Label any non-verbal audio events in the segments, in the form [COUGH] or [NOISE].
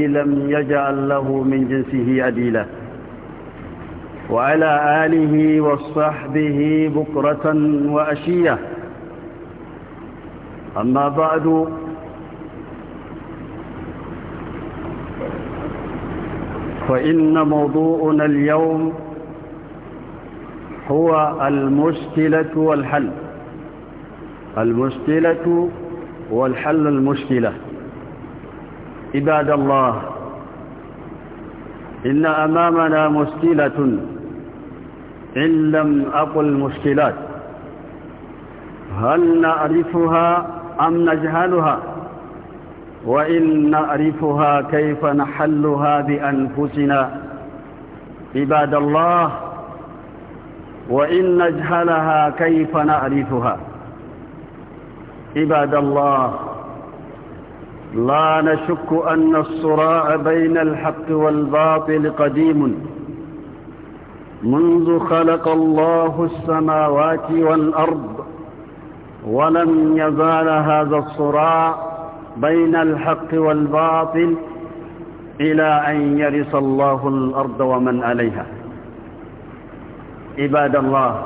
لم يجعل له من جنسه عديلا وعلى آله وصحبه بكرة وأشية أما بعد فإن موضوعنا اليوم هو المشكلة والحل المشكلة والحل المشكلة عباد الله إن أمامنا مشكلة إن لم أقل مشكلات هل نعرفها أم نجهلها وإن نعرفها كيف نحلها بأنفسنا عباد الله وإن نجهلها كيف نعرفها عباد الله لا نشك أن الصراع بين الحق والباطل قديم منذ خلق الله السماوات والأرض ولم يزال هذا الصراع بين الحق والباطل إلى أن يرث الله الأرض ومن عليها عباد الله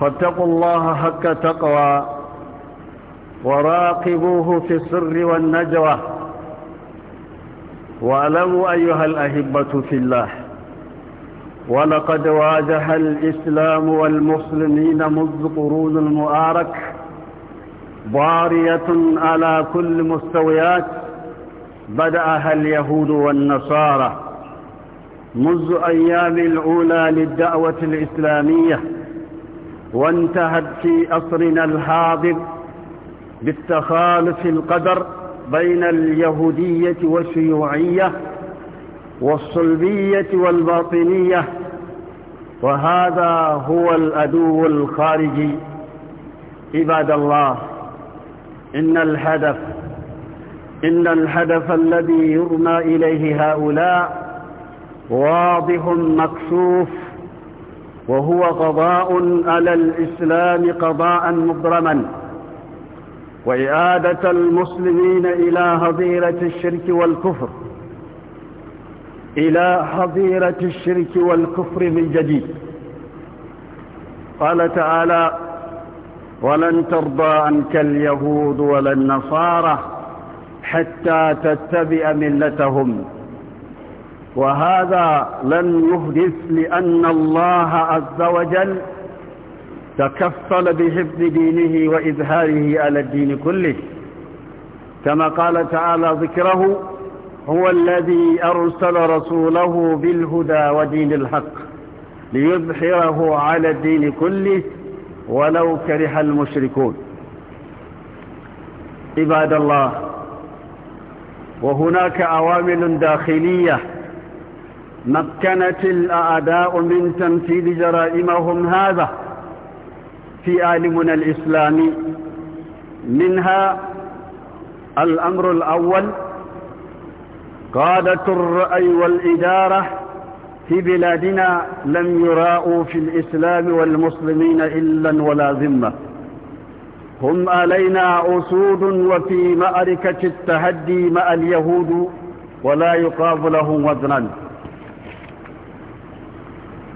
فاتقوا الله حق تقوى وراقبوه في السر والنجوى واعلموا أيها الأهبة في الله ولقد واجه الإسلام والمسلمين منذ قرون المؤارك ضارية على كل مستويات بدأها اليهود والنصارى منذ أيام الأولى للدعوة الإسلامية وانتهت في أصرنا الحاضر بالتخالف القدر بين اليهودية والشيوعية والصلبية والباطنية وهذا هو الأدو الخارجي عباد الله إن الهدف إن الهدف الذي يرمى إليه هؤلاء واضح مكشوف وهو قضاء على الإسلام قضاء مبرما وإعادة المسلمين إلى حظيرة الشرك والكفر إلى حظيرة الشرك والكفر من جديد قال تعالى ولن ترضى عنك اليهود ولا النصارى حتى تتبع ملتهم وهذا لن يهدث لأن الله عز وجل تكفل بحفظ دينه وإظهاره على الدين كله كما قال تعالى ذكره هو الذي أرسل رسوله بالهدى ودين الحق ليظهره على الدين كله ولو كره المشركون عباد الله وهناك عوامل داخلية مكنت الأعداء من تنفيذ جرائمهم هذا في عالمنا الإسلامي منها الأمر الأول قادة الرأي والإدارة في بلادنا لم يراءوا في الإسلام والمسلمين إلا ولا ذمة هم علينا أسود وفي معركة التهدي مع اليهود ولا يقابلهم لهم وزنا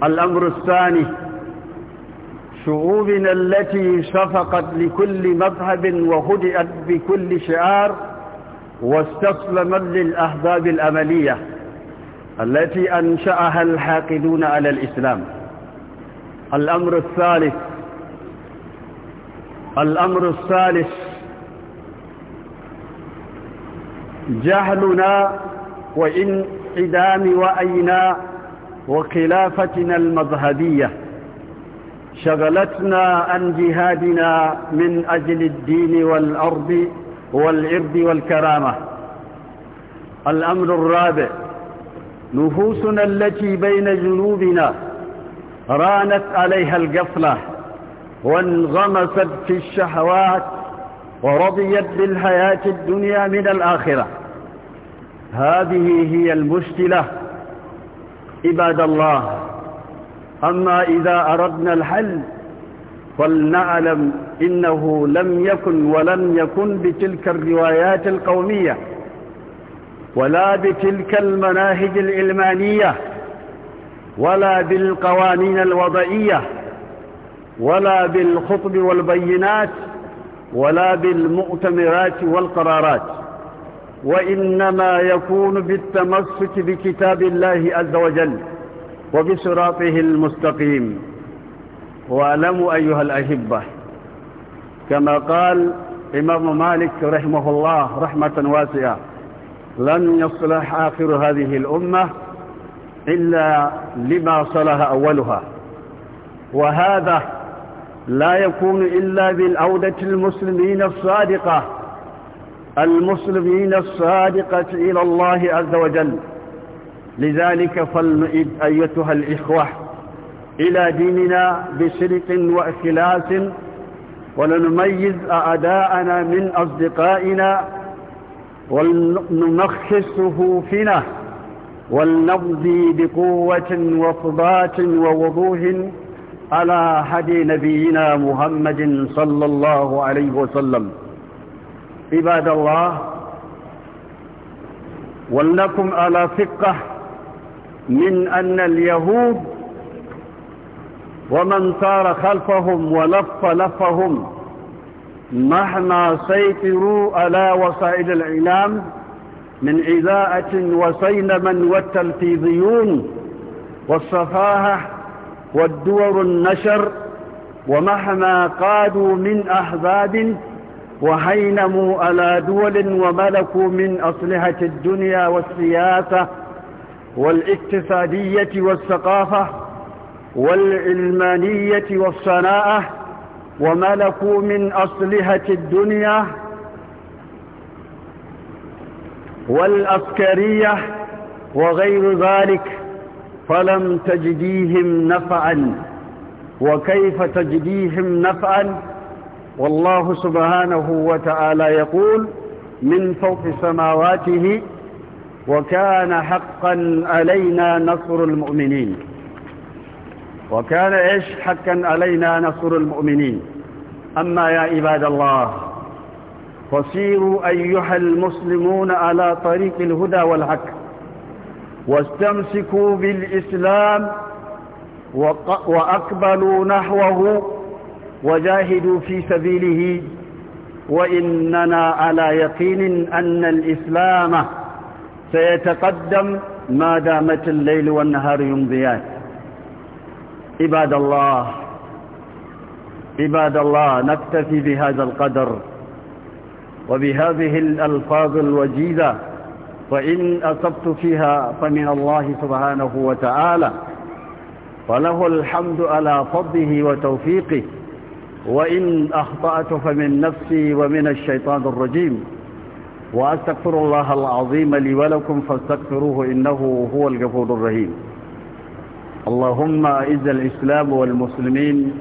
الأمر الثاني شعوبنا التي شفقت لكل مذهب وهدئت بكل شعار واستسلمت للأحزاب الأملية التي أنشأها الحاقدون على الإسلام الأمر الثالث الأمر الثالث جهلنا إدام وأينا وخلافتنا المذهبيه شغلتنا عن جهادنا من أجل الدين والأرض والعرض والكرامة الأمر الرابع نفوسنا التي بين جنوبنا رانت عليها القفلة وانغمست في الشهوات ورضيت بالحياة الدنيا من الآخرة هذه هي المشكلة عباد الله أما إذا أردنا الحل فلنعلم إنه لم يكن ولم يكن بتلك الروايات القومية ولا بتلك المناهج العلمانية ولا بالقوانين الوضعية ولا بالخطب والبينات ولا بالمؤتمرات والقرارات وإنما يكون بالتمسك بكتاب الله عز وجل وبصراطه المستقيم واعلموا أيها الأحبة كما قال إمام مالك رحمه الله رحمة واسعة لن يصلح آخر هذه الأمة إلا لما صلح أولها وهذا لا يكون إلا بالعودة المسلمين الصادقة المسلمين الصادقة إلى الله عز وجل لذلك فلنعد أيتها الإخوة إلى ديننا بشرق وإخلاص ولنميز أعداءنا من أصدقائنا ولنمخص صفوفنا ولنمضي بقوة وثبات ووضوح على هدي نبينا محمد صلى الله عليه وسلم عباد الله ولنكم على فقه من أن اليهود ومن سار خلفهم ولف لفهم مهما سيطروا على وسائل الإعلام من إذاءة وسينما والتلفزيون والصفاحه والدور النشر ومهما قادوا من أحزاب وهينموا على دول وملكوا من أصلحة الدنيا والسياسة والاقتصادية والثقافة والعلمانية والصناعة وملكوا من أصلحة الدنيا والأسكرية وغير ذلك فلم تجديهم نفعا وكيف تجديهم نفعا والله سبحانه وتعالى يقول من فوق سماواته وكان حقا علينا نصر المؤمنين وكان إيش حقا علينا نصر المؤمنين أما يا عباد الله فصيروا أيها المسلمون على طريق الهدى والحق واستمسكوا بالإسلام وأقبلوا نحوه وجاهدوا في سبيله وإننا على يقين أن الإسلام سيتقدم ما دامت الليل والنهار يمضيان عباد الله عباد الله نكتفي بهذا القدر وبهذه الألفاظ الوجيزة وإن أصبت فيها فمن الله سبحانه وتعالى وله الحمد على فضله وتوفيقه وإن أخطأت فمن نفسي ومن الشيطان الرجيم وأستغفر الله العظيم لي ولكم فاستغفروه إنه هو الغفور الرحيم اللهم أعز الإسلام والمسلمين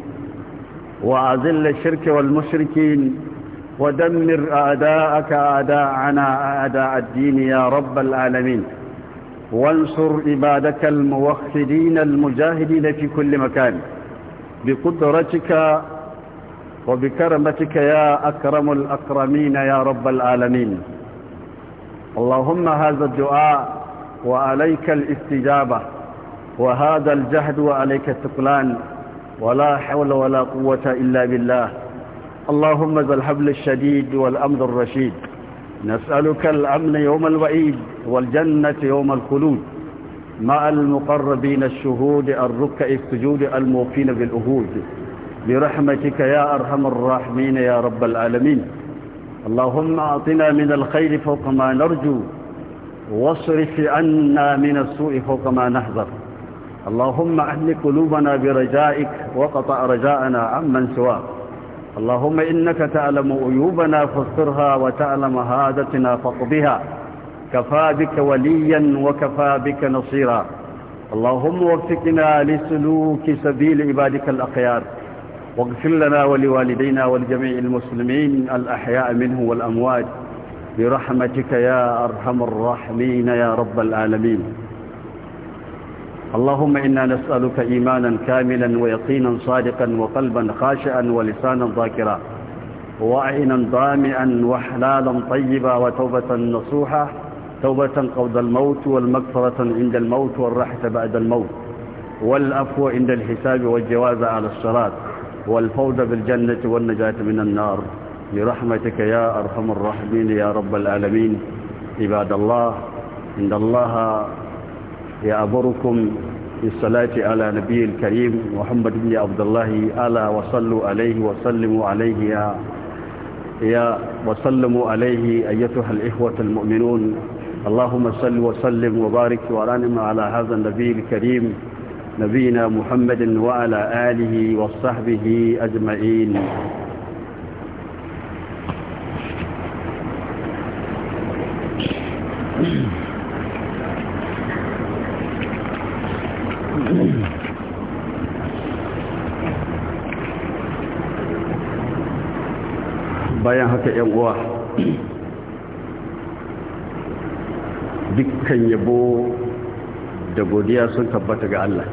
وأذل الشرك والمشركين ودمر أعداءك أعداءنا أعداء الدين يا رب العالمين وانصر عبادك الموحدين المجاهدين في كل مكان بقدرتك وبكرمتك يا أكرم الأكرمين يا رب العالمين اللهم هذا الدعاء وعليك الاستجابة وهذا الجهد وعليك الثقلان ولا حول ولا قوة إلا بالله اللهم ذا الحبل الشديد والأمر الرشيد نسألك الأمن يوم الوعيد والجنة يوم الخلود مع المقربين الشهود الركع السجود الموقين بالأهود برحمتك يا أرحم الراحمين يا رب العالمين اللهم أعطنا من الخير فوق ما نرجو واصرف عنا من السوء فوق ما نحذر اللهم أهل قلوبنا برجائك وقطع رجاءنا عمن سواك اللهم إنك تعلم عيوبنا فاسترها وتعلم هادتنا فاقضها كفى بك وليا وكفى بك نصيرا اللهم وفقنا لسلوك سبيل عبادك الأخيار واغفر لنا ولوالدينا ولجميع المسلمين الأحياء منه والأموات برحمتك يا أرحم الراحمين يا رب العالمين اللهم إنا نسألك إيمانا كاملا ويقينا صادقا وقلبا خاشعا ولسانا ذاكرا وعينا ضامئا وحلالا طيبا وتوبة نصوحة توبة قبل الموت والمغفرة عند الموت والراحة بعد الموت والأفو عند الحساب والجواز على الصراط والفوز بالجنة والنجاة من النار برحمتك يا أرحم الراحمين يا رب العالمين عباد الله إن الله يأمركم بالصلاة على نبي الكريم محمد بن عبد الله ألا وصلوا عليه وسلموا عليه يا يا وسلموا عليه أيتها الإخوة المؤمنون اللهم صل وسلم وبارك وأنعم على هذا النبي الكريم نبينا محمد وعلى آله وصحبه أجمعين bayan haka yan uwa dukkan yabo da godiya sun tabbata ga Allah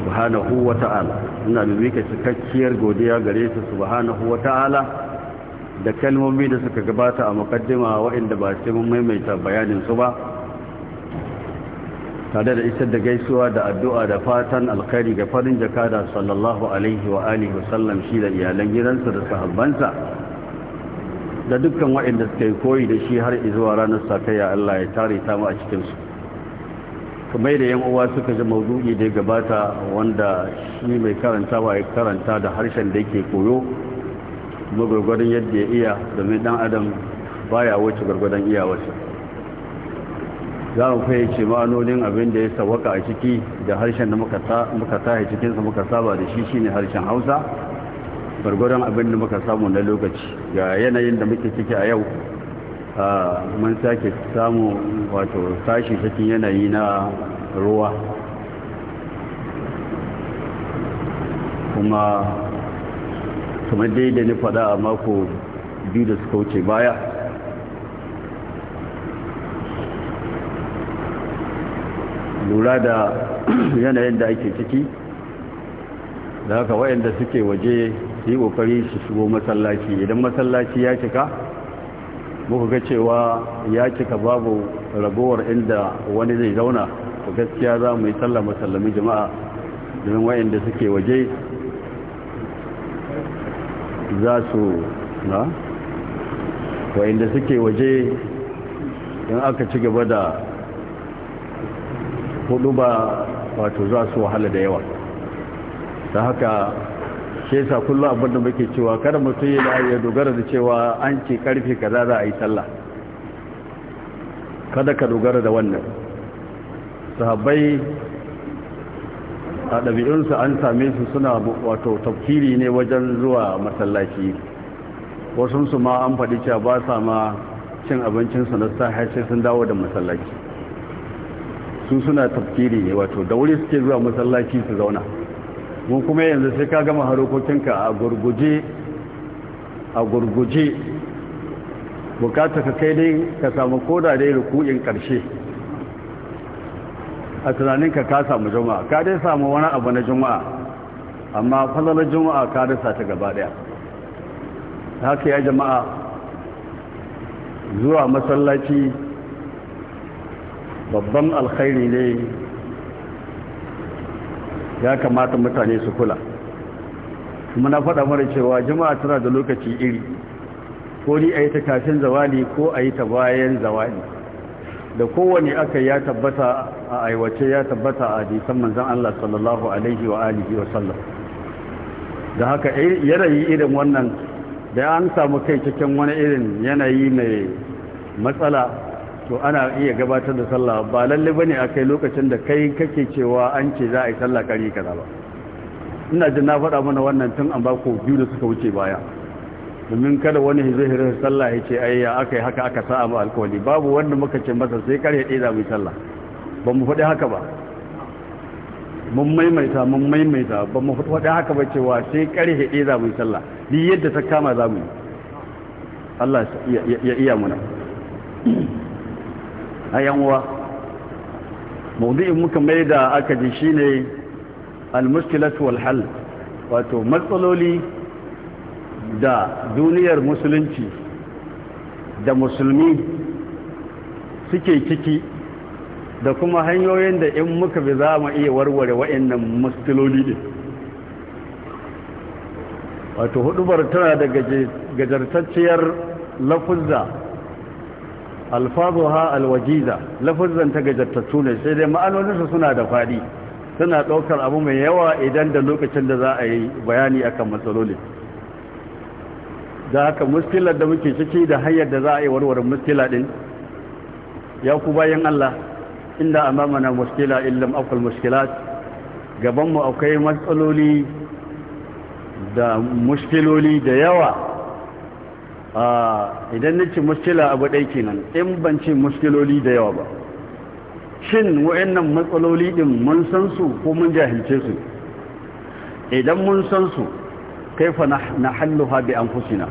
subhanahu wa ta'ala ina da mika cikakkiyar godiya gare su subhanahu wa ta'ala da kalmomi da suka gabata a mukaddima waɗanda ba sai mun maimaita bayanin su ba tare da isar da gaisuwa da addu'a da fatan alkhairi ga farin jakada sallallahu alaihi wa alihi wa sallam shi da iyalan gidansa da sahabbansa da dukkan waɗanda suka yi koyi da shi har izuwa ranar sakayya Allah ya tare ta mu a cikinsu kamar da yan uwa suka ji maudu'i da gabata wanda shi mai karanta wa ya karanta da harshen da yake koyo kuma gwargwadon yadda ya iya domin dan adam baya wuce gwargwadon wasu. za mu fahimci ma'anonin abin da ya sawaka a ciki da harshen da muka cikin cikinsa muka saba da shi shine harshen hausa gwargwadon abin da muka samu na lokaci ga yanayin da muke ciki a yau mun sake samu wato sashi cikin yanayi na ruwa kuma kuma daidai ni fada a mako biyu da suka wuce baya lura da [CLEARS THROAT] yanayin da ake ciki da haka wayanda suke waje su yi kokari su shigo masallaci idan masallaci ya cika muka ga cewa ya cika babu ragowar inda wani zai zauna to gaskiya za mu yi tsalla musallami jama'a domin wayanda suke waje za su na wayanda suke waje in aka ci gaba da hudu ba wato za su wahala da yawa ta haka shi yasa kullum abin da muke cewa kada mutum ya dogara da cewa an ce karfe kaza za a yi sallah kada ka dogara da wannan sahabbai a ɗabi'unsu an same su suna wato tafkiri ne wajen zuwa masallaci wasunsu ma an faɗi cewa ba sa ma cin abincinsu na sahar sai sun dawo da masallaci su suna tafkiri ne wato da wuri suke zuwa masallaci su zauna mun kuma yanzu sai ka gama harokokinka a gurguje a gurguje bukata ka kai dai ka samu koda dai ruku'in karshe a tunaninka ka samu juma'a ka dai samu wani abu na juma'a amma falalar juma'a ka dasa ta gaba daya haka ya jama'a zuwa masallaci babban alkhairi ne ya kamata mutane su kula kuma na faɗa mara cewa jama'a tana da lokaci iri ko ni a yi ta kafin zawali ko a yi ta bayan zawali da kowane aka ya tabbata a aiwace ya tabbata a jisan manzan Allah sallallahu alaihi wa alihi wa sallam da haka yanayi irin wannan da an samu kai cikin wani irin yanayi mai matsala to ana iya gabatar da sallah ba lalle bane akai lokacin da kai kake cewa an ce za a yi sallah kare kaza ba ina jin na faɗa mana wannan tun an ba ku biyu da suka wuce baya domin kada wani zai hirar sallah ya ce ai ya aka yi haka aka sa ba alkawali babu wanda muka ce masa sai kare ɗaya za mu yi sallah ba mu faɗi haka ba mun maimaita mun maimaita ba mu faɗi haka ba cewa sai kare ɗaya za mu yi sallah duk yadda ta kama za mu yi Allah ya iya muna a yanwa maudu'in muka mai da aka ji shi ne al almuskilatu walhal wato matsaloli da duniyar musulunci da musulmi suke ciki da kuma hanyoyin da in muka bi za mu iya warware wa'annan matsaloli ne wato hudubar tana da gajartacciyar lafuzza alfazuha alwajiza lafazan ta gajattattu ne sai dai ma'anoninsu suna da fadi suna ɗaukar abu mai yawa idan da lokacin da za a yi bayani akan matsaloli da haka muskilar da muke ciki da hanyar da za a yi warware muskila ɗin ya ku bayan Allah inda mana muskila illam akwal muskilat gabanmu akwai matsaloli da muskiloli da yawa idan na ce muskila abu ɗai kenan in ban ce muskiloli da yawa ba shin wa'annan matsaloli ɗin mun san su ko mun jahilce su idan mun san su kaifa na halluha bi an fusina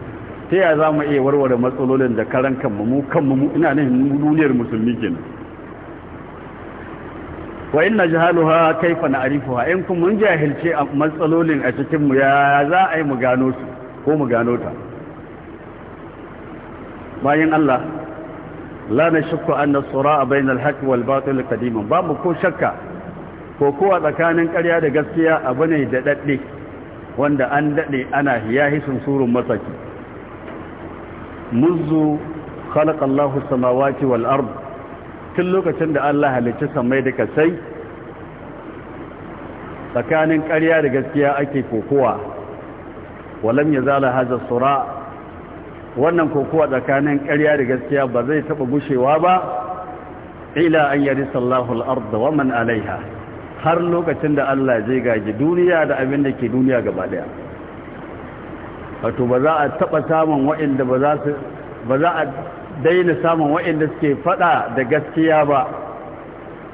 ta ya za mu iya warware matsalolin da karan kanmu mu kanmu ina nan duniyar musulmi kenan wa inna jahaluha kaifa na arifuha in kun mun jahilce matsalolin a cikin mu ya za a yi mu gano su ko mu gano ta bayan Allah la na shakku an na tsura a bayan alhaƙi wal batul kadiman babu ko shakka ko kowa tsakanin ƙarya da gaskiya abu ne da daɗe wanda an daɗe ana hiyahisun surun masaki muzu khalaqa Allahu samawati tun lokacin da Allah halicci samai da kasai tsakanin ƙarya da gaskiya ake kokowa walam zala hadha sura wannan kokowa tsakanin ƙarya da gaskiya ba zai taɓa gushewa ba ila an yari sallahu al'arda wa man alaiha har lokacin da Allah zai gaji duniya da abin da ke duniya gaba daya wato ba za a taɓa samun wa'inda ba za su ba za a daina samun wa'inda suke faɗa da gaskiya ba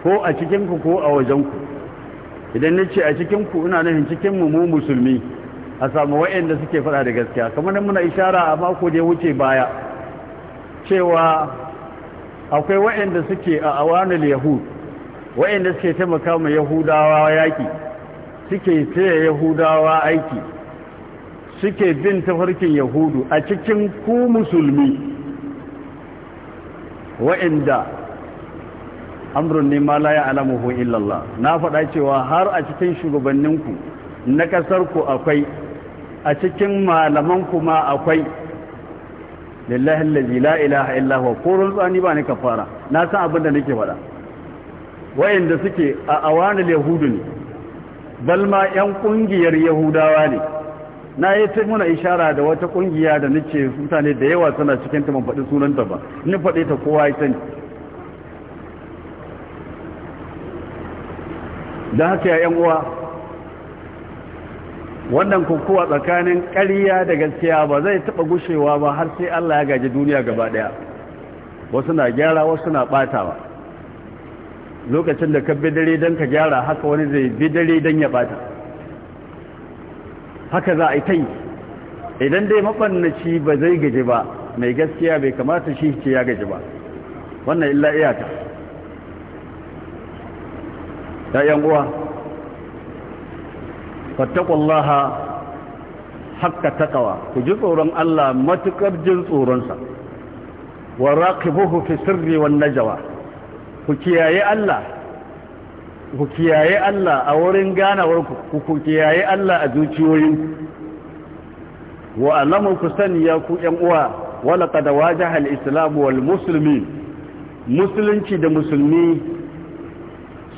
ko a cikinku ko a wajenku idan nace a cikinku ina nufin cikinmu mu musulmi a samu wa'inda suke fada da gaskiya kamar nan muna ishara a mako da wuce baya cewa akwai wa'inda suke a awanul yahud wa'inda suke taimaka ma yahudawa yaki suke taya yahudawa aiki suke bin tafarkin yahudu a cikin ku musulmi wa'inda amrun ne ma la ya'lamuhu illallah na faɗa cewa har a cikin shugabanninku na ƙasarku akwai a cikin malaman kuma akwai lillahi allazi la ilaha illa huwa kurun tsani ba ni kafara na san abin da nake faɗa wayanda suke a awana yahudu ne bal ma yan kungiyar yahudawa ne na yi ta muna ishara da wata kungiya da nace mutane da yawa suna cikin ta ban faɗi sunanta ba ni faɗe ta kowa ya sani haka ya yan uwa wannan kukuwa tsakanin ƙariya da gaskiya ba zai taɓa gushewa ba har sai Allah ya gaji duniya gaba ɗaya wasu na gyara wasu na ɓatawa lokacin da ka bi dare don ka gyara haka wani zai bi dare don ya ɓata haka za a yi idan dai mafannaci ba zai gaji ba mai gaskiya bai kamata shi ce ya gaji ba wannan illa iyaka ta yan uwa fattakullaha haka takawa ku ji tsoron Allah matukar jin tsoronsa wa raqibuhu fi sirri wan najwa ku kiyaye Allah ku kiyaye Allah a wurin ganawar ku ku kiyaye Allah a zuciyoyin wa alamu ku sani ya ku ƴan uwa wala qad wajaha al-islam wal musulunci da musulmi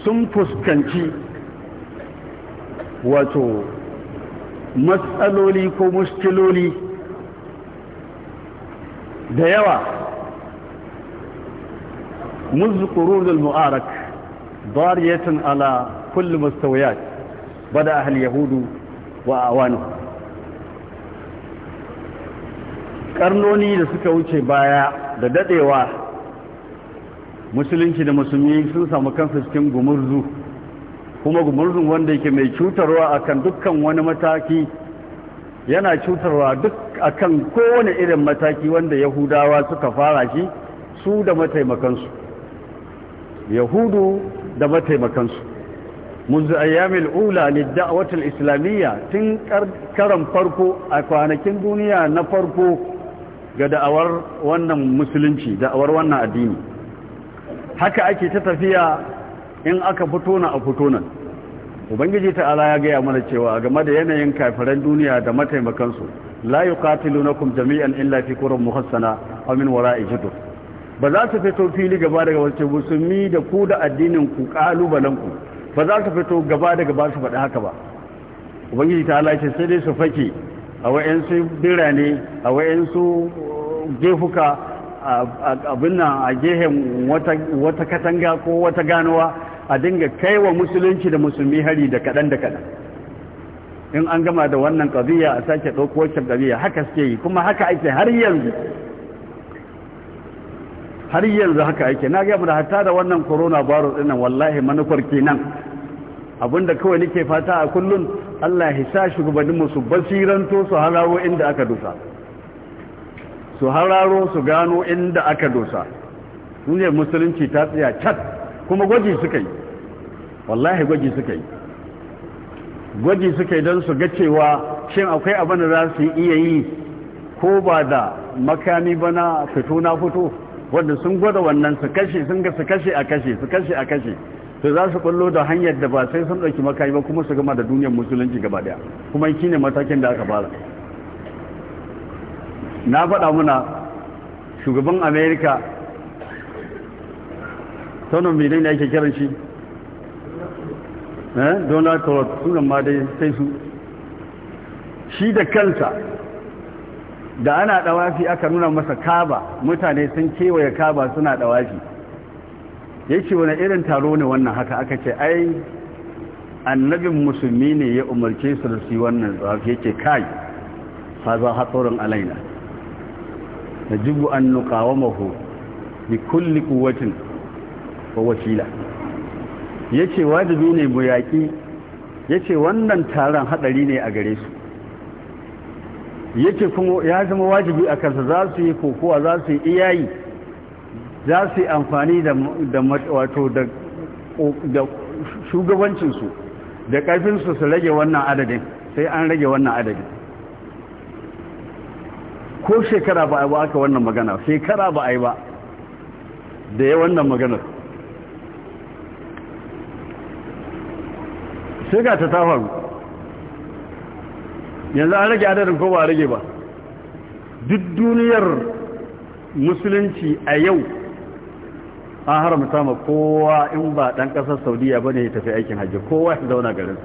sun fuskanci wato matsaloli ko muskiloli da yawa muzkurun al-mu'arak dariyatan ala kulli mustawiyat bada ahal yahudu wa awanu karnoni da suka wuce baya da dadewa musulunci da musulmi sun samu kansu cikin gumurzu kuma gumurzun wanda yake mai cutarwa akan dukkan wani mataki yana cutarwa duk akan kowane irin mataki wanda yahudawa suka fara shi su da mataimakansu yahudu da mataimakansu ne أيام Islamiyya tun karan farko a kwanakin duniya na farko ga da'awar wannan Musulunci, da'awar wannan addini haka ake ta tafiya in aka fito na a fito nan ubangiji Ala ya gaya mana cewa game da yanayin kafiran duniya da mataimakansu la yuqatilunakum jami'an illa fi qurun muhassana aw min wara'i judur ba za su fito fili gaba daga wace musulmi da ku da addinin ku kalubalen ku ba za su fito gaba daga ba su faɗi haka ba ubangiji ta ya ce sai dai su fake a wayansu birane a wayansu gefuka abin nan a gehen wata katanga ko wata ganuwa a dinga kaiwa musulunci da musulmi hari da kaɗan da kaɗan in an gama da wannan ƙabiya a sake ɗauko wacce ƙabiya haka suke yi kuma haka ake har yanzu har yanzu haka ake na gaba da hatta da wannan corona virus ɗin wallahi manufar kenan abinda kawai nake fata a kullum Allah ya sa shugabanninmu su basiranto su hararo inda aka dusa su hararo su gano inda aka dosa ne musulunci ta tsaya cat kuma gwaji suka yi wallahi gwaji suka yi gwaji suka yi don su ga cewa shin akwai abin da za su iya yi ko ba da makami bana fito na fito wanda sun gwada wannan su kashe sun ga su kashe a kashe su kashe a kashe to za su kullo da hanyar da ba sai sun ɗauki makami ba kuma su gama da duniyar musulunci gaba daya kuma shi ne matakin da aka fara na faɗa muna shugaban amerika sanin mai ne ake kiran shi Eh? donald trump sunan ma dai sai su shi da kansa da ana dawafi aka nuna masa kaba mutane sun kewaye kaba suna dawafi ya ce wani irin taro ne wannan haka aka ce ai annabin musulmi ne ya umarce su da su wannan zafi ya ce kai haza hatsorin alaina na jibu an nukawa maho bi kulli kuwacin wa wasila ya ce wajibi ne mu yaƙi ya ce wannan taron haɗari ne a gare su ya ce kuma ya zama wajibi a kansa za su yi kokowa za su yi iyayi za su yi amfani da wato da shugabancinsu da ƙarfinsu su rage wannan adadin sai an rage wannan adadin ko shekara ba a yi ba aka wannan magana shekara ba a yi ba da ya wannan maganar sai ga ta faru yanzu an rage adadin ko ba rage ba duk duniyar musulunci a yau an haramta ma kowa in ba ɗan ƙasar saudiya ba ne ya tafi aikin hajji kowa ya zauna garin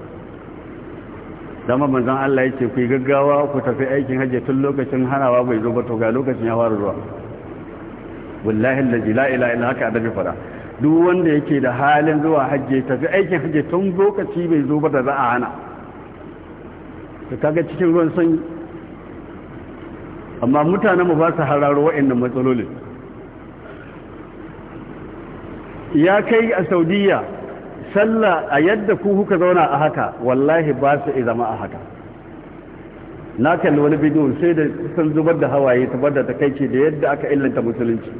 dama manzan Allah ya ce ku yi gaggawa ku tafi aikin hajji tun lokacin hanawa bai zo ba to ga lokacin ya fara zuwa wallahi la ila ila haka adabi fara duk wanda yake da halin zuwa hajji tafi aikin hajji tun lokaci bai zo ba da za a hana ta kaga cikin ruwan sanyi amma mutanen mu ba su hararo waɗannan matsalolin ya kai a saudiya sallah a yadda ku kuka zauna a haka wallahi ba su zama a haka na kalli wani bidiyon, sai da sun zubar da hawaye ta da takaici da yadda aka illanta musulunci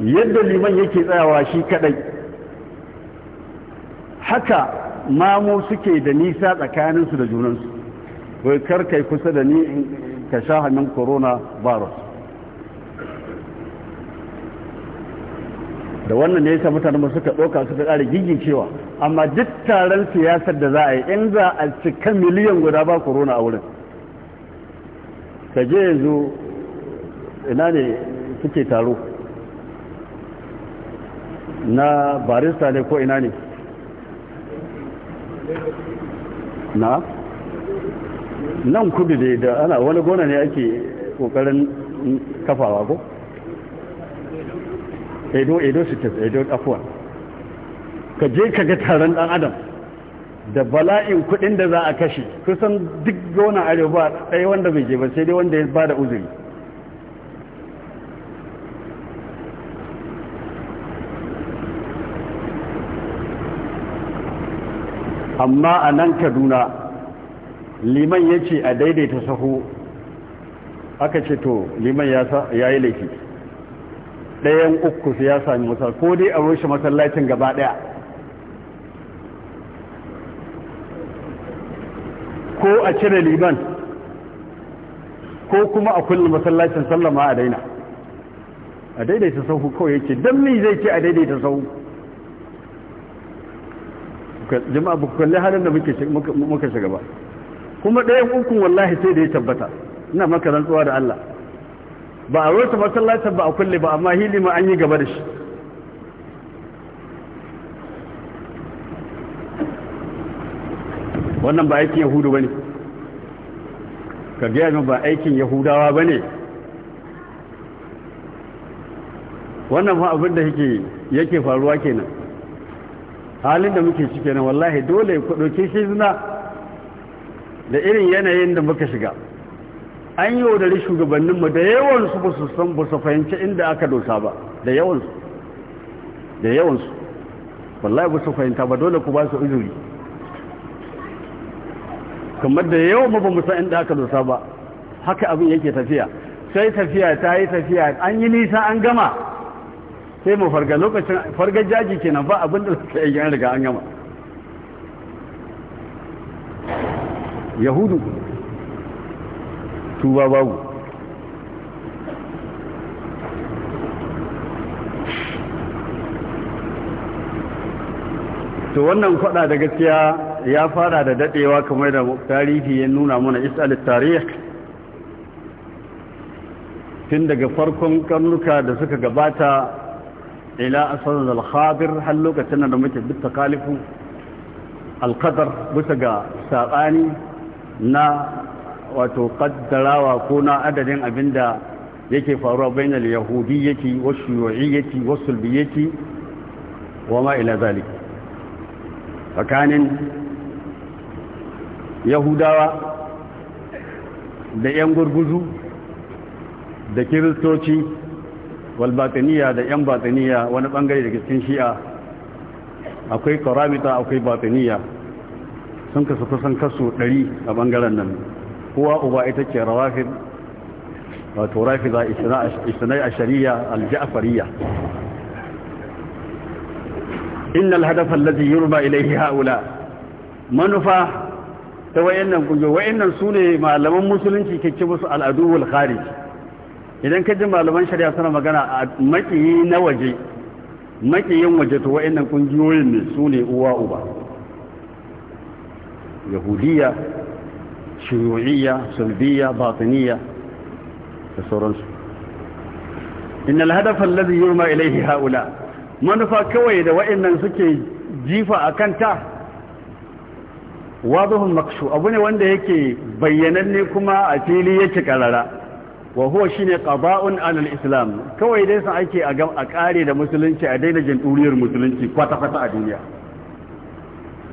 yadda liman yake tsayawa shi kadai haka mamu suke da nisa tsakaninsu da junansu wai kar kai kusa da ni ka sha hannun corona virus da wannan ne yasa mutane mu suka ɗauka suka ƙara cewa. amma duk taron siyasar da za a yi in za a cika miliyan guda ba corona a wurin ka je yanzu ina ne suke taro na barista ne ko ina ne na nan kudu ne da ana wani gona ne ake kokarin kafawa ko edo edo sitas edo afuwa ka je ka ga taron dan adam da bala'in kudin da za a kashe kusan duk gona arewa ɗaya wanda bai je ba sai dai wanda ya ba da uzuri amma a nan kaduna liman ya ce a daidaita saho aka ce to liman ya yi laifi ɗayan uku su ya sami wasa ko dai a rushe masallacin gaba ɗaya ko a cire liman ko kuma a kulle masallacin sallama a daina a daidaita sahu kawai yake don mai zai ce a daidaita sahu jama'a ba ku kalli halin da muka shiga ba kuma ɗayan ukun wallahi sai da ya tabbata ina maka rantsuwa da Allah ba a rota masallacin ba a kulle ba amma hili ma an yi gaba da shi wannan ba aikin yahudu ba ne ka gaya min ba aikin yahudawa ba ne wannan ma abin da yake faruwa kenan halin da muke cike na wallahi dole ku ɗauki shi zina da irin yanayin da muka shiga an yi wadari shugabanninmu da yawansu ba su san ba su fahimci inda aka dosa ba da yawansu da yawansu wallahi ba su fahimta ba dole ku ba su izuri kamar da yawan ba mu san inda aka dosa ba haka abin yake tafiya sai tafiya ta yi tafiya an yi nisa an gama sai mu farga lokacin fargar jaji kenan ba abin da suka yi yan riga an gama yahudu tuba babu to wannan fada da gaskiya ya fara da dadewa kamar da tarihi ya nuna mana is'alit tarih tun daga farkon karnuka da suka gabata ila asar al-khadir har lokacin da muke bita kalifu alkadar bisa ga saɓani na wato kaddarawa ko na adadin abinda yake faruwa wasu yahudiyyati wa shuyu'iyyati wa sulbiyyati wa ma ila zalik tsakanin yahudawa da yan gurguzu da kiristoci walbataniya da 'yan bataniya wani bangare da cikin shi'a akwai karamita akwai bataniya sun kasu kusan kaso 100 a bangaren nan kowa uba ita ce rawafin, wato rafiza isnai a shari'a alja'afariya innal hadafa allazi yurba ilayhi haula manufa ta wayannan kungiyoyi wayannan sune malaman musulunci kike musu al'adu wal kharij idan ka ji malaman shari'a suna magana a makiyi na waje makiyin waje to wa'annan kungiyoyin ne su ne uwa uba yahudiya shuyu'iyya sulbiyya batiniya da sauransu innal hadafa alladhi yurma ilayhi haula manufa kawai da wa'annan suke jifa akan ta wadhum makshu abu ne wanda yake bayyananne kuma a fili yake ƙarara. wa huwa shine qada'un 'ala al-islam kawai dai sai ake a gam a kare da musulunci a daina jin duriyar musulunci kwata kwata a duniya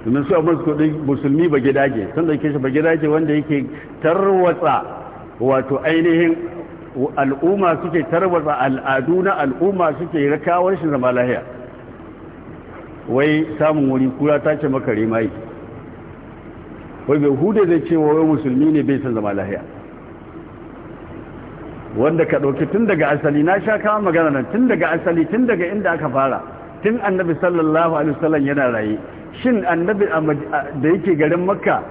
domin su abin su musulmi ba gidaje da yake shi ba gidaje wanda yake tarwatsa wato ainihin al'umma suke tarwatsa al'adu na al'umma suke rakawar shi zama lahiya wai samun wuri kura ta ce makare mai wai bai hude zai ce wa musulmi ne bai san zama lahiya wanda ka ɗauki tun daga asali na sha kawo magana nan tun daga asali tun daga inda aka fara tun annabi sallallahu alaihi wasallam yana raye shin annabi da yake garin makka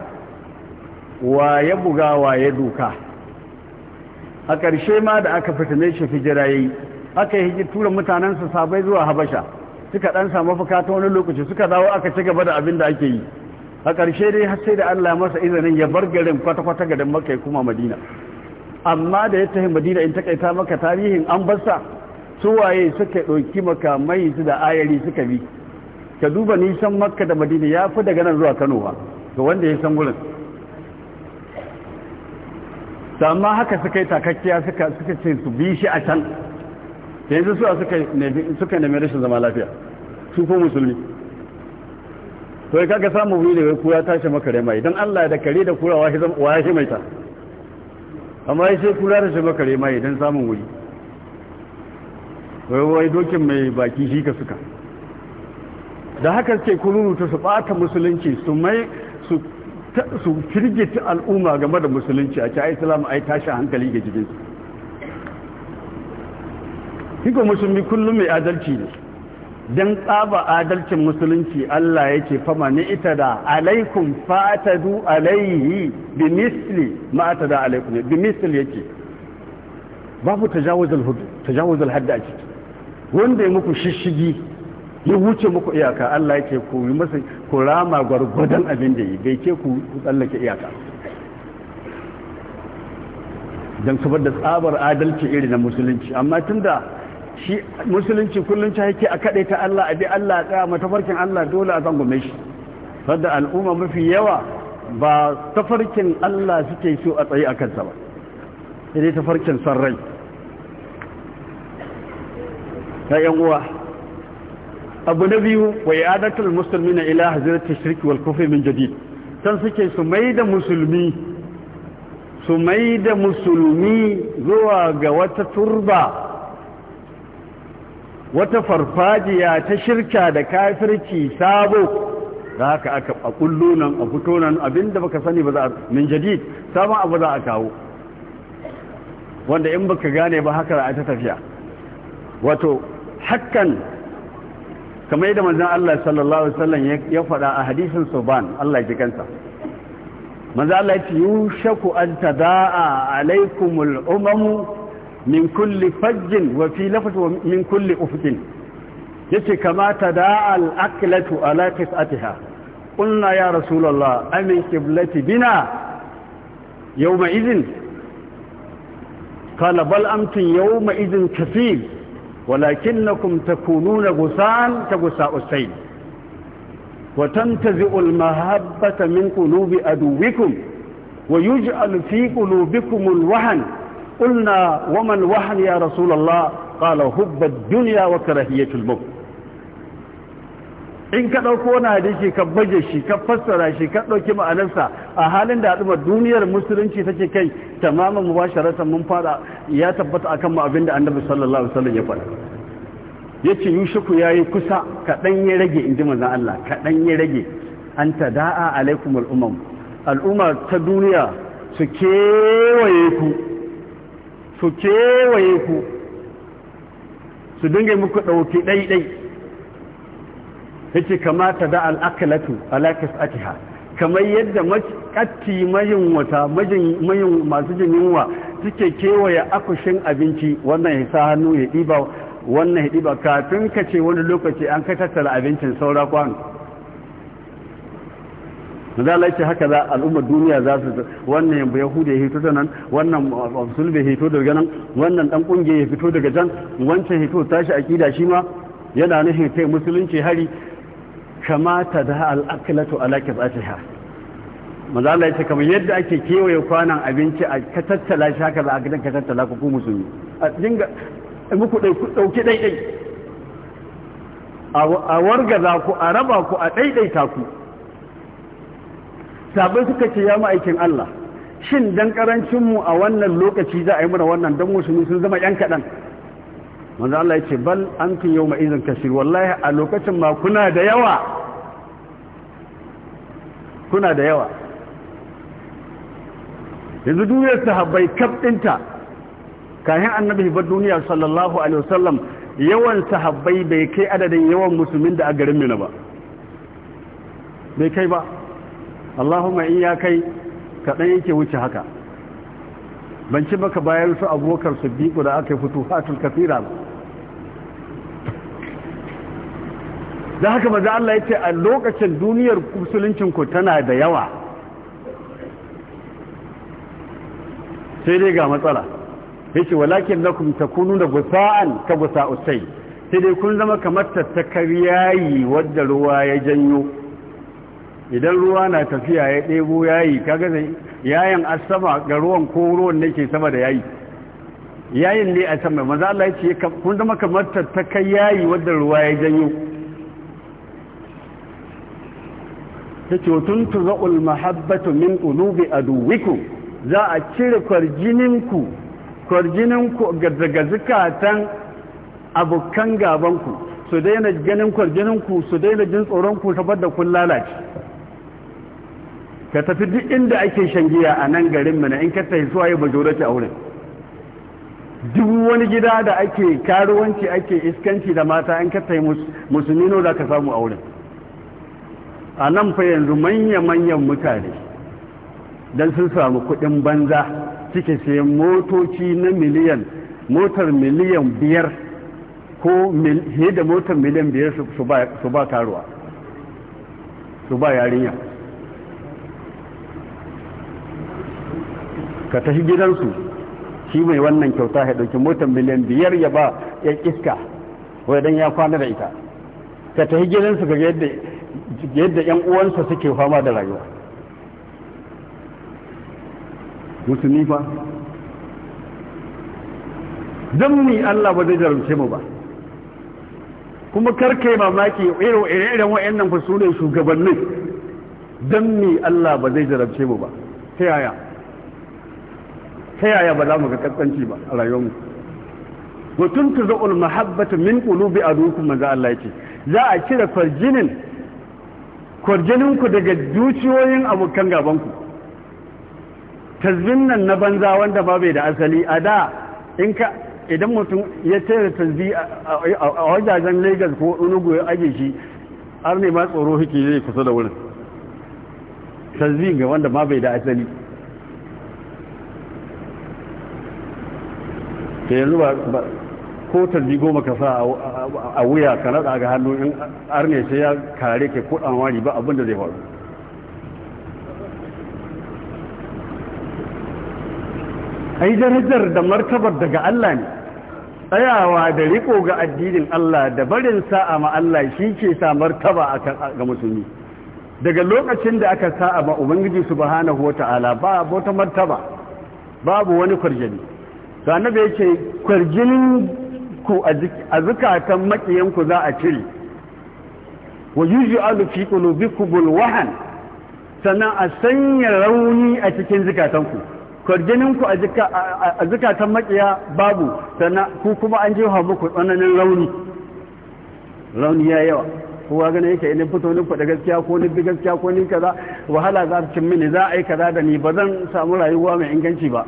wa ya buga wa ya duka a ƙarshe ma da aka fitine shi hijira yayi aka yi hijira tura mutanensa sabai zuwa habasha suka dan samu fuka ta wani lokaci suka dawo aka ci gaba da abin da ake yi a ƙarshe dai har sai da Allah masa izinin ya bar garin kwata-kwata garin makka kuma madina amma da ya tafi madina in takaita maka tarihin an basa suwaye suka ɗauki makamai su da ayari suka bi ka duba nisan makka da madina ya fi daga nan zuwa kano ba ga wanda ya san gurin amma haka suka yi takakkiya suka ce su bi shi a can da yanzu suwa suka nemi rashin zama lafiya su ko musulmi to ya kaga samun wuri da ya kuwa tashi maka rema idan allah da kare da kurawa wa ya shi mai ta amma sai kula da shi bakare ma idan samun wuri wai dokin mai baki shi ka suka da haka ce kururuta su bata musulunci su mai su al'umma game da musulunci a ce islam ai tashi hankali ga jikinsu kika musulmi kullum mai adalci ne don tsaba adalcin musulunci Allah yake fama ni ita da alaikum fatadu alaihi bi misli ma ta da alaikum bi misli yake babu tajawuz al-hadd a ciki wanda ya muku shishigi ya wuce muku iyaka Allah yake ku yi masa ku rama gwargwadon abin da yi bai ke ku tsallake iyaka don da tsabar adalci iri na musulunci amma tunda shi musulunci kullum ta yake a kaɗai ta Allah a bi Allah tsaya matafarkin Allah dole a zangume shi sadda al'umma mafi yawa ba tafarkin Allah suke so a tsaye a kansa ba sai dai tafarkin san rai ta yan uwa abu na biyu wa i'adatul muslimina ila hazirati shirki wal kufri min jadid san suke su maida musulmi su da musulmi zuwa ga wata turba wata farfajiya ta shirka da kafirci sabo da haka aka a kullu nan a fito nan abinda baka sani ba za a min jadid sabon abu za a kawo wanda in baka gane ba haka za a ta tafiya wato hakan kamar yadda manzon Allah sallallahu alaihi wasallam ya faɗa a hadisin Suban Allah ya ji kansa manzon Allah ya ce shaku an ta tadaa alaikumul umamu من كل فج وفي لفظ من كل أفج يتي كما تداعى الأكلة على كفأتها قلنا يا رسول الله أمن كبلتي بنا يومئذ قال بل أمت يومئذ كثير ولكنكم تكونون غسان كغساء السيل وتنتزئ المهبة من قلوب أدوكم ويجعل في قلوبكم الوهن قلنا وما الوهن يا رسول الله قال هب الدنيا وكرهية الموت in ka ɗauko wani hadisi ka baje shi ka fassara shi ka ɗauki ma'anarsa a halin da haɗuma duniyar musulunci take kai tamamin mubasharatan mun fada ya tabbata akan mu abinda annabi sallallahu alaihi wasallam ya faɗa yace yushuku yayi kusa kaɗan ya rage inji manzon Allah kaɗan ya rage an tada'a alaikum umam al'umma ta duniya su kewaye ku su kewaye ku su dinga muku ɗauki ɗaiɗai yake kamata da al'akalatu alakis atiha kamar yadda makatti mayin wata mayin masu jin yunwa suke kewaye akushin abinci wannan ya sa hannu ya ɗiba wannan ya ɗiba kafin ka ce wani lokaci an ka tattala abincin saura kwano manzo Allah yace haka za al'ummar duniya za su wannan yahuda ya hito da nan wannan musulmi hito daga nan wannan dan kungiya ya fito daga can wancan hito tashi akida shi ma yana nufin kai musulunci hari kamata da al'aklatu ala kibatiha maza Allah yace kamar yadda ake kewaye kwanan abinci a ka tattala shi haka za a gidan ka tattala ku musulmi a dinga muku dauki ɗaiɗai a wargaza ku a raba ku a daidaita ku sabai suka ce ya ma'aikin Allah shin dan karancin mu a wannan lokaci za a yi mana wannan dan musulmi sun zama yan kadan manzo Allah ya ce bal antum yawma idzin kashi, wallahi a lokacin ma kuna da yawa kuna da yawa yanzu duniyar sahabbai kaf dinta kayan annabi bar duniya sallallahu alaihi wasallam yawan sahabbai bai kai adadin yawan musulmin da a garin mina ba bai kai ba Allahumma in ya kai kaɗan yake wuce haka ban ci baka bayan su abokar su biku da aka yi fito hatul kafira ba da haka maza Allah ya ce a lokacin duniyar musuluncinku tana da yawa sai dai ga matsala ya ce walakin lakum takunu da gusa'an ka gusa'usai sai dai kun zama kamar tattakaryayi wadda ruwa ya janyo idan ruwa na tafiya ya ɗebo yayi kaga zai yayin a sama ga ruwan ko ruwan ne ke sama da yayi yayin ne a sama maza Allah ya ce kun zama kamar ta kai yayi wadda ruwa ya janyo ta ce tun tuza'ul mahabbatu min a aduwikum za a cire kwarjininku kwarjininku daga zukatan abokan gabanku su daina ganin kwarjininku su daina jin tsoronku saboda kun lalace ka tafi duk inda ake shan giya a nan garin mana in ka tafi suwaye majority a wurin duk wani gida da ake karuwanci ake iskanci da mata in ka tafi musulmino za ka samu a wurin a nan fa yanzu manya-manyan mutane don sun samu kuɗin banza cike sayan motoci na miliyan motar miliyan biyar ko fiye motar miliyan biyar su ba karuwa su ba yarinya ka tafi gidansu shi mai wannan kyauta ya ɗauki motar miliyan biyar ya ba ya iska wadan ya kwana da ita ka tafi gidansu ga yadda yan uwansa suke fama da rayuwa musulmi fa don mu Allah ba zai jarumce mu ba kuma karkai mamaki irin wa'annan nan su ne shugabannin don mu Allah ba zai jarumce mu ba ta yaya ta yaya ba za mu ga kaskanci ba a rayuwarmu wa tuntuzul mahabbatu min qulubi adukum za Allah yake za a cire kwarjinin kwarjinin ku daga zuciyoyin abokan gaban ku tazbin nan na banza wanda ba bai da asali a da in ka idan mutum ya tsere tazbi a wajajen Lagos ko Enugu ya aje shi har ne ma tsoro zai kusa da wurin tazbi ga wanda ma bai da asali da yanzu ba ko tarbi goma ka sa a wuya ka rada ga hannu in arne shi ya kare ke kudan wani ba abinda zai faru ai darajar da martabar daga Allah ne tsayawa da riko ga addinin Allah da barin sa'a ma Allah shi ke sa martaba ga musulmi daga lokacin da aka sa'a ma ubangiji subhanahu wata'ala ba wata martaba babu wani kwarjani to annabi yake kwarjinin ku a zukatan makiyanku za a cire wa yuj'alu fi qulubikum alwahan sannan a sanya rauni a cikin zukatan ku kwarjinin ku a zukatan makiya babu sannan ku kuma an jefa muku tsananin rauni rauni ya yawa kowa gane yake ne fito ni faɗa gaskiya ko ni bi gaskiya ko ni kaza wahala za ta cin mini za a yi kaza da ni ba zan samu rayuwa mai inganci ba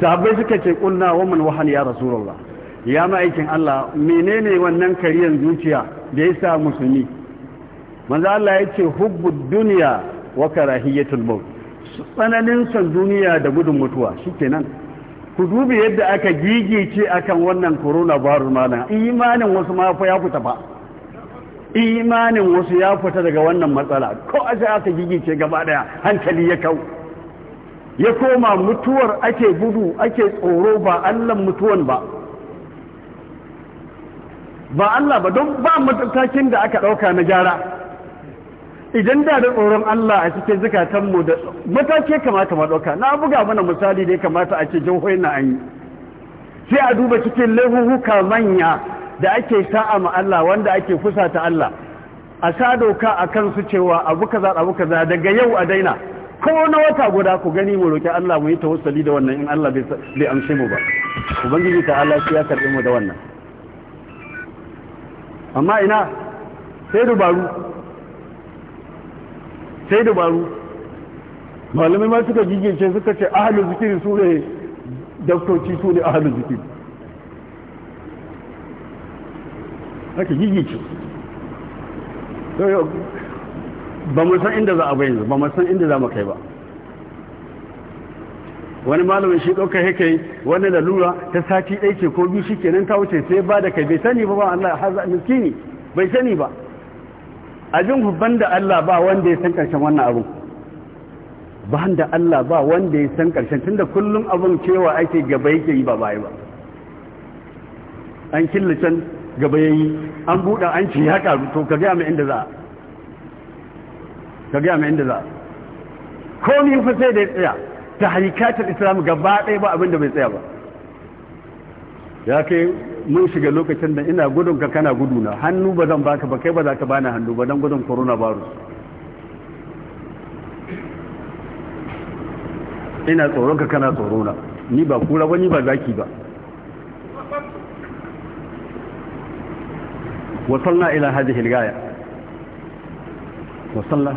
sahabbai suka ce kunna wa man wahal ya rasulullah ya ma'aikin Allah menene wannan kariyan zuciya da ya sa musulmi manzo Allah ya ce hubbud dunya wa karahiyatul maut tsananin son duniya da gudun mutuwa shikenan ku dubi yadda aka gigice akan wannan virus malam imanin wasu ma ya fita fa imanin wasu ya fita daga wannan matsala ko a aka gigice gaba daya hankali ya kawo. ya koma mutuwar ake gudu ake tsoro ba allan mutuwan ba ba allah ba don ba matakin da aka ɗauka na gyara idan da da tsoron allah a cikin zukatanmu da matake kamata ma ɗauka na buga mana misali da ya kamata a ce jihohin na an yi sai a duba cikin laihuhuka manya da ake sa'a ma allah wanda ake fusata allah a sha doka a kansu cewa abu kaza abu kaza daga yau a daina ko na wata guda ku gani mu roki Allah mu yi tawassuli da wannan in Allah bai amshe mu ba ubangiji ta Allah ya karbe mu da wannan amma ina sai dubaru sai dubaru malamai ma suka gigince suka ce ahalu zikiri su ne daftoci su ne ahalu zikiri aka gigince ba mu san inda za a bayyana ba mu san inda za mu kai ba wani malamin shi dauka yake wani lalura ta sati ɗaya ce ko biyu shi kenan ta wuce sai ba da kai bai sani ba ba Allah har za miskini bai sani ba a jin hubban da Allah ba wanda ya san karshen wannan abu ba da Allah ba wanda ya san karshen tunda kullun abun cewa ake gaba yake yi ba bai ba an can gaba yayi an buda an ci haka to ka ga mai inda za a ka gaya mai inda za komi fa sai da ya tsaya ta harikatar islam gaba ɗaya ba abinda bai tsaya ba ya kai mun shiga lokacin da ina gudun ka kana guduna hannu ba zan baka ba kai ba za ka bani hannu ba don gudun corona virus ina tsoron ka kana tsorona ni ba kura ba ni ba zaki ba wasalna ila hadhihi al-gaya wasalna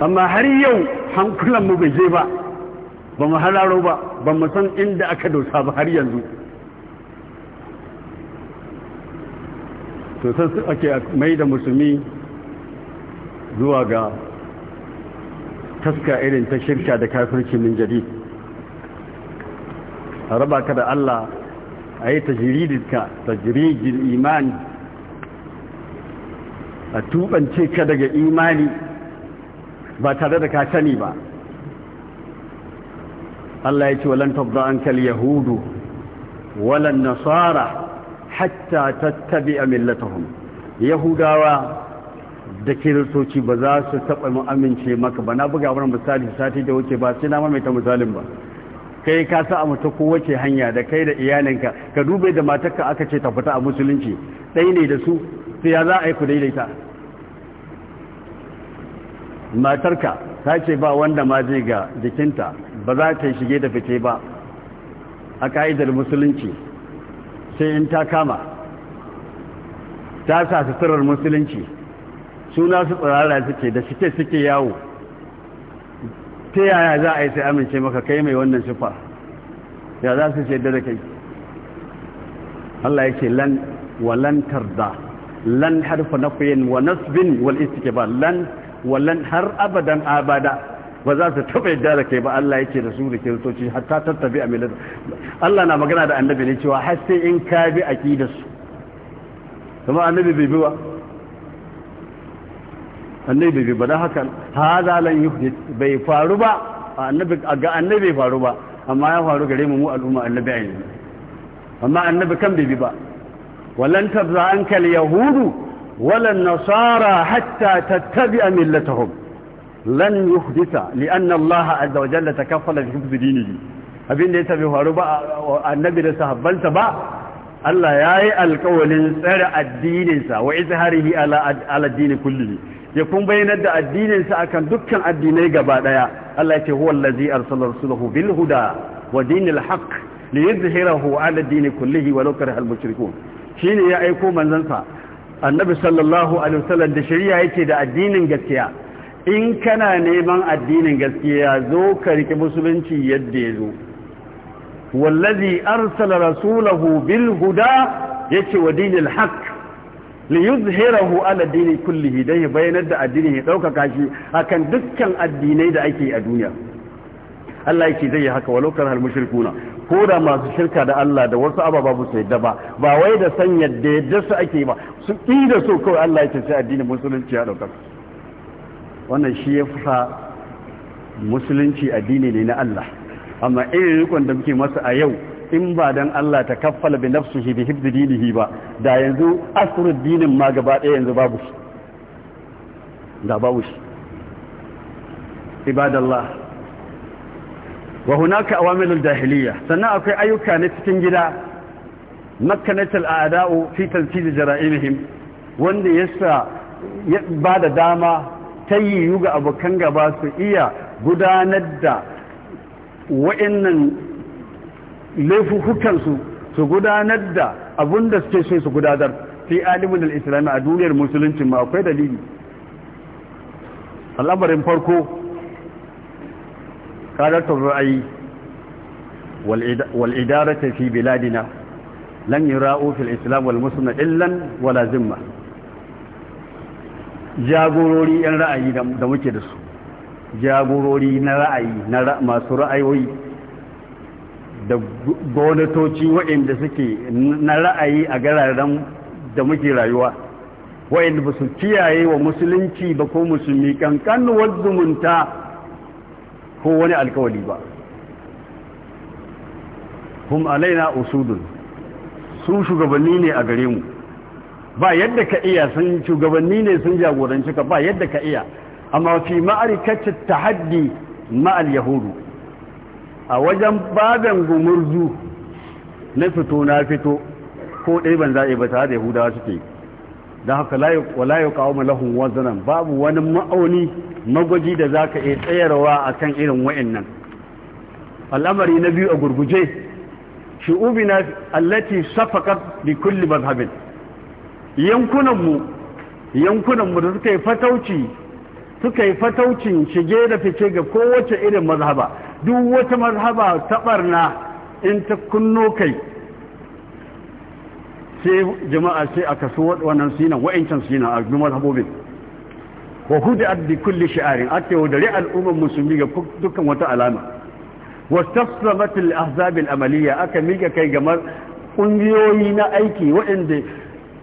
amma har yau hankulan mu bai je ba ba mu halaro ba ba mu san inda aka dosa ba har yanzu to sai ake mai da musulmi zuwa ga taska irin ta shirka da kafirci min jadi a raba ka da Allah a yi tajiridinka tajirijin imani a tuɓance ka daga imani ba tare da ka sani ba Allah ya ce walan tabba an kal yahudu walan nasara hatta tattabi'a millatahum yahudawa da kiristoci ba za su taɓa mu amince maka ba na buga wurin misali sati da wuce ba sai na ta misalin ba kai ka sa a mutu kowace hanya da kai da iyalinka ka dube da matarka aka ce ta fita a musulunci ɗai ne da su sai ya za a yi ku daidaita matarka ta ce ba wanda ma zai ga jikinta ba za ta shige da fice ba a ka'idar musulunci sai in ta kama ta sa suturar musulunci suna su tsirara suke da suke suke yawo ta yaya za a yi sai amince maka kai mai wannan sufa ya za su ce da kai Allah ya ce lan walantar da lan harfa na kuyen wa nasbin wal istike ba lan wallan har abadan abada ba za su taɓa yadda da kai ba Allah yake da su da kiristoci hatta tattabi a milata Allah na magana da annabi ne cewa har sai in ka bi aqidar su kuma annabi bai bi ba annabi bai bi ba dan hakan hada lan yuhdith bai faru ba annabi ga annabi bai faru ba amma ya faru gare mu mu al'umma annabi ayi amma annabi kan bai bi ba wallan tabza anka al yahudu ولا النصارى حتى تتبع ملتهم لن يحدث لأن الله عز وجل تكفل بحفظ دينه abin abinda ya tafi faru ba annabi da sahabbansa ba Allah ya yi alkawalin tsare addininsa wa izharihi ala addini kullihi ya kun bayyana da addininsa akan dukkan addinai gaba daya Allah yake huwa allazi arsala rasulahu bil huda wa dinil haqq li yuzhirahu ala dini kullihi wa law karaha al mushrikun shine ya aiko manzansa annabi sallallahu alaihi wasallam da shari'a yake da addinin gaskiya in kana neman addinin gaskiya zo ka riƙe musulunci yadda ya zo wallazi arsala rasulahu bil huda yace wa dinil haqq li yuzhirahu ala dini kullihi dai bayanar da addini ya daukaka shi akan dukkan addinai da ake a duniya Allah yake zai haka walau karhal mushrikuna ko da masu shirka da Allah da wasu ababa ba su yadda ba ba wai da san yadda yadda su ake ba su ƙi da so kawai Allah ya sai addinin musulunci ya ɗaukar wannan shi ya fa musulunci addini ne na Allah amma irin rikon da muke masa a yau in ba dan Allah ta kaffala bi nafsihi bi hibdi dinihi ba da yanzu asrud dinin ma gaba ɗaya yanzu babu shi da babu shi ibadallah wa hunaka awamilul jahiliya sannan akwai ayyuka na cikin gida makkanatul a'da'u fi tanfidh jara'imihim wanda yasa ya bada dama ta yiwu ga abokan gaba su iya gudanar da wa'annan laifukansu su gudanar da abinda suke so su gudanar fi alimin al-islami a duniyar musulunci ma akwai dalili al'amarin farko قالت الرأي والإدارة في بلادنا لن يراؤوا في الإسلام والمسلم إلا ولا ذمة jagorori yan ra'ayi da muke da su jagorori na ra'ayi na masu ra'ayoyi da gonatoci waɗanda suke na ra'ayi a gararen da muke rayuwa waɗanda ba su kiyaye wa musulunci ba ko musulmi kankan wadda munta ko wani alkawali ba hum alaina usudun su shugabanni ne a gare mu ba yadda ka iya sun shugabanni ne sun jagoranci ka ba yadda ka iya amma fi ta tahaddi ma'al yahudu a wajen baban gumurzu na fito na fito ko ɗaya ban zaɓe ba tare da yahudawa suke yi don haka wala ya kawo malahun wazanan babu wani ma'auni magwaji da za ka iya tsayarwa a kan irin wa'annan al'amari na biyu a gurguje shi'ubi na allati safakar bi kulli mazhabin yankunanmu yankunanmu da suka yi fatauci suka yi fataucin shige da fice ga kowace irin mazhaba duk wata mazhaba ta barna in ta kunno kai sai jama'a sai aka so wannan sinan wa'ancan sinan a bi mazhabobin wa hudi addi kulli shi'arin atta wa dare al'ummar musulmi ga dukkan wata alama wasu al-ahzab al-amaliyya aka miƙa kai ga ƙungiyoyi na aiki waɗanda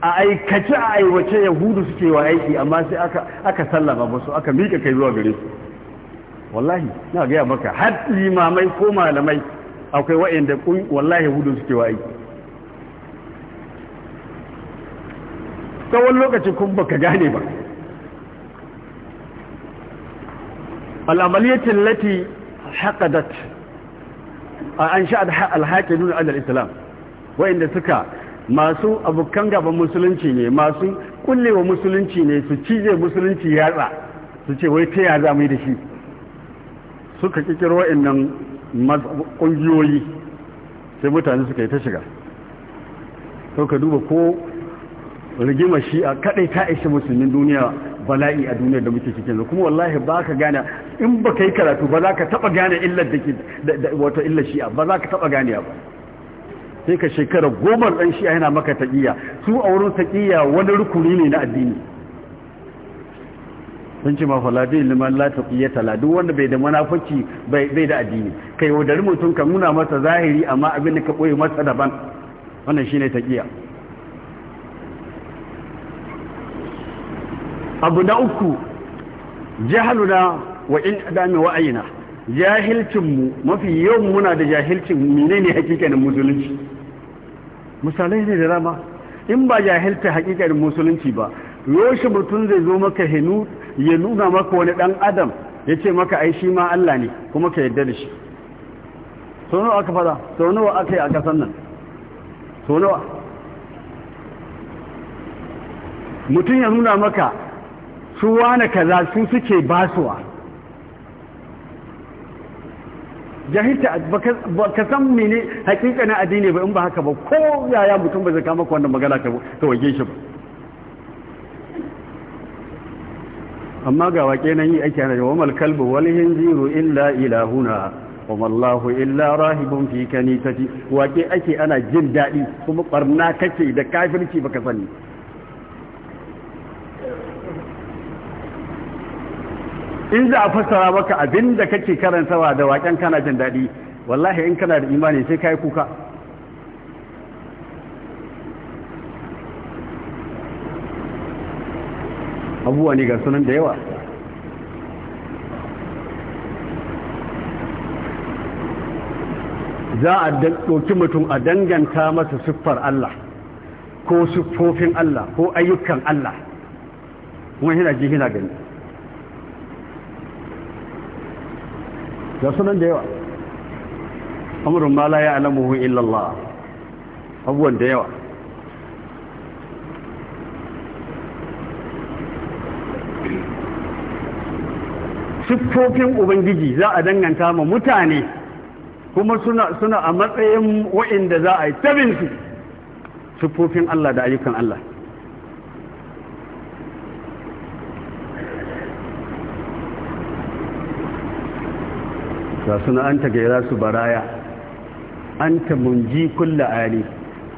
a aikace a aiwace yahudu suke wa aiki amma sai aka aka sallama ba aka miƙa kai zuwa gare su wallahi na gaya maka har limamai ko malamai akwai waɗanda wallahi yahudu suke wa aiki tsawon lokaci kun baka gane ba al’amaliyyacin lati haƙadat a an sha alhaƙi nuna adal islam wa'inda suka masu abokan gaban musulunci ne masu kullewa musulunci ne su cije musulunci yatsa su ce wai ta yaza za yi da shi suka kikiro wa'innan ƙungiyoyi sai mutane suka yi ta shiga sau ka duba ko rigima shi a kadai ta ishe musulmin duniya bala'i a duniyar da muke cikin kuma wallahi ba ka gane in ba ka yi karatu ba za ka taba gane illar da ke wato illar shi'a ba za ka taba gane ba sai ka shekara goma ɗan shi'a yana maka taƙiyya su a wurin taƙiyya wani rukuni ne na addini sun ce ma faladin liman la taqiyata la wanda bai da munafici bai da addini kai wadari mutum ka nuna masa zahiri amma abin da ka ɓoye masa daban wannan shi shine taƙiyya abu na uku jahaluna wa in adami wa'ayina jahilcinmu mafi yawan muna da jahilcin ne hakikanin musulunci misalai ne da rama, in ba jahilta hakikanin musulunci ba yoshi mutum zai zo maka hinu ya nuna maka wani dan adam ya ce maka ai shi ma Allah ne kuma ka yarda da shi sau nawa aka fada sau nawa aka yi a kasan nan sau nawa mutum ya nuna maka su wane kaza su suke basuwa jahilta ba ka san mene hakika na addini ba in ba haka ba ko yaya mutum ba zai kama wannan magana ta wage shi ba amma ga wake nan yi ake hana wa mal kalbu wal hinziru illa ilahuna wa mallahu illa rahibun fi kanitati wake ake ana jin daɗi kuma barna kake da kafirci baka sani in za a fassara maka abin da kake karantawa da waken kana jin daɗi wallahi in kana da imani sai ka yi kuka abubuwa ne ga sunan da yawa za a ɗauki mutum a danganta masa siffar Allah ko siffofin Allah ko ayyukan Allah kuma hina ji hina gani ga sunan da yawa amurin ma la ya alamuhu illallah abubuwan da yawa siffofin ubangiji za a danganta ma mutane kuma suna suna a matsayin wa'inda za a yi tabinsu siffofin Allah da ayyukan Allah ga suna an tagaira su baraya an ta munji kulla ali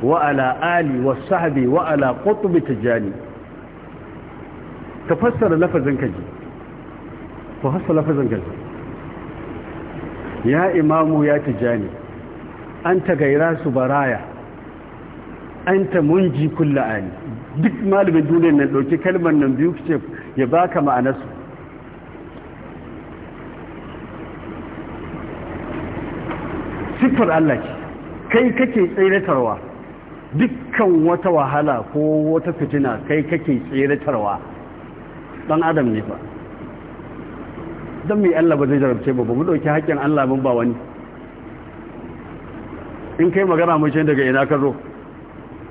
wa ala ali wa sahabi wa ala qutubi tijani ka fassara lafazin kaji ko fassara lafazin kaji ya imamu ya tijani an tagaira su baraya an ta munji kulla ali duk malamin duniyar nan dauki kalmar nan biyu ce ya baka ma'anarsu siffar Allah ce kai kake tseratarwa dukkan wata wahala ko wata fitina kai kake tseratarwa dan adam ne fa don mai Allah ba zai jarabce ba ba mu haƙƙin Allah mun ba wani in kai magana mace daga ina ka zo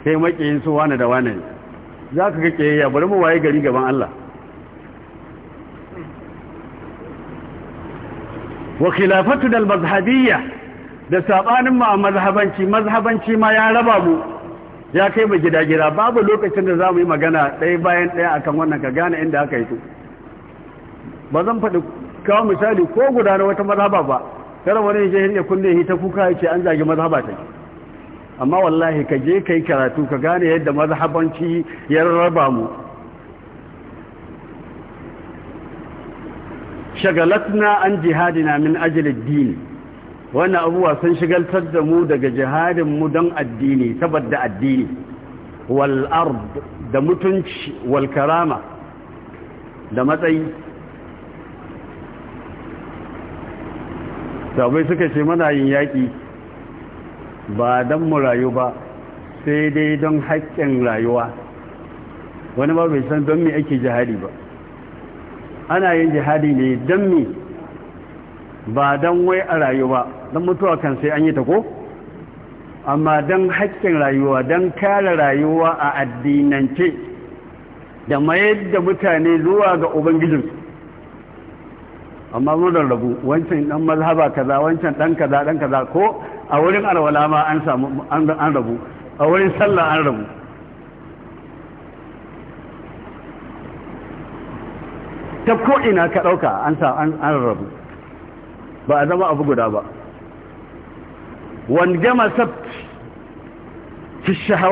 kai makiyin su wane da wani za ka kake ya bari mu waye gari gaban Allah wa khilafatu dal mazhabiyya da sabanin ma mazhabanci mazhabanci ma ya raba mu ya kai mu gida gida babu lokacin da zamu yi magana ɗaya bayan ɗaya akan wannan ka gane inda aka yi to ba zan faɗi kawo misali ko guda na wata mazhaba ba kada wani je hin ya kunne ta kuka yace an zagi mazhaba ta amma wallahi ka je kai karatu ka gane yadda mazhabanci ya raba mu shagalatna an jihadina min ajli dini wannan abuwa sun shigaltar da mu daga jihadin mu don addini saboda addini wal da mutunci wal karama da matsayi sabai suka ce mana yin yaƙi ba don mu rayu ba sai dai don haƙƙin rayuwa wani ba bai san don me ake jihadi ba ana yin jihadi ne don me ba don wai a rayu ba don mutuwa kan sai an yi ta ko amma don haƙƙin rayuwa don kare rayuwa a addinance da mayar da mutane zuwa ga ubangijin amma mun rarrabu wancan ɗan mazhaba kaza wancan ɗan kaza ɗan kaza ko a wurin alwala ma an samu an rabu a wurin sallah an rabu ta ko ina ka ɗauka an rabu ba a zama abu guda ba wani jama sabt fi shahawa